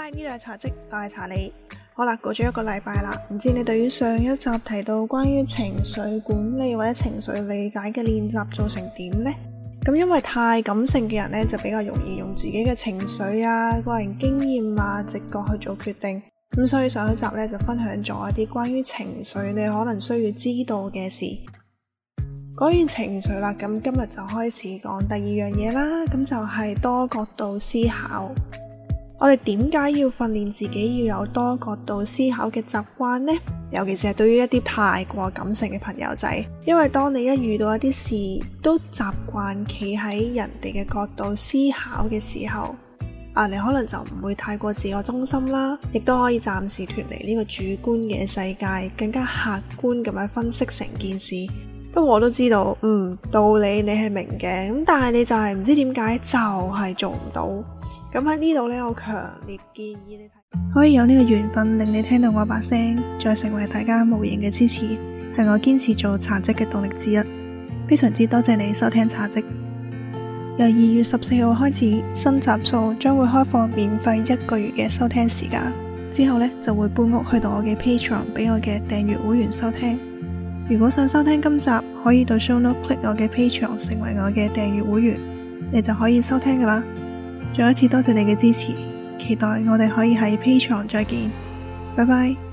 Hi，呢度係茶嘖，拜茶查理。好啦，過咗一個禮拜啦，唔知你對於上一集提到關於情緒管理或者情緒理解嘅練習做成點呢？咁因為太感性嘅人呢，就比較容易用自己嘅情緒啊、個人經驗啊、直覺去做決定。咁所以上一集呢，就分享咗一啲關於情緒你可能需要知道嘅事。講完情緒啦，咁今日就開始講第二樣嘢啦。咁就係、是、多角度思考。我哋點解要訓練自己要有多角度思考嘅習慣呢？尤其是係對於一啲太過感性嘅朋友仔，因為當你一遇到一啲事，都習慣企喺人哋嘅角度思考嘅時候，啊，你可能就唔會太過自我中心啦，亦都可以暫時脫離呢個主觀嘅世界，更加客觀咁樣分析成件事。不過我都知道，嗯，道理你係明嘅，咁但係你就係唔知點解就係做唔到。咁喺呢度呢，我強烈建議你睇，可以有呢個緣分令你聽到我把聲，再成為大家無形嘅支持，係我堅持做茶職嘅動力之一。非常之多謝你收聽茶職。由二月十四號開始，新集數將會開放免費一個月嘅收聽時間，之後呢，就會搬屋去到我嘅 Patreon 俾我嘅訂閱會員收聽。如果想收聽今集，可以到 show note click 我嘅 Patreon 成為我嘅訂閱會員，你就可以收聽噶啦。再一次多謝你嘅支持，期待我哋可以喺 Patreon 再見，拜拜。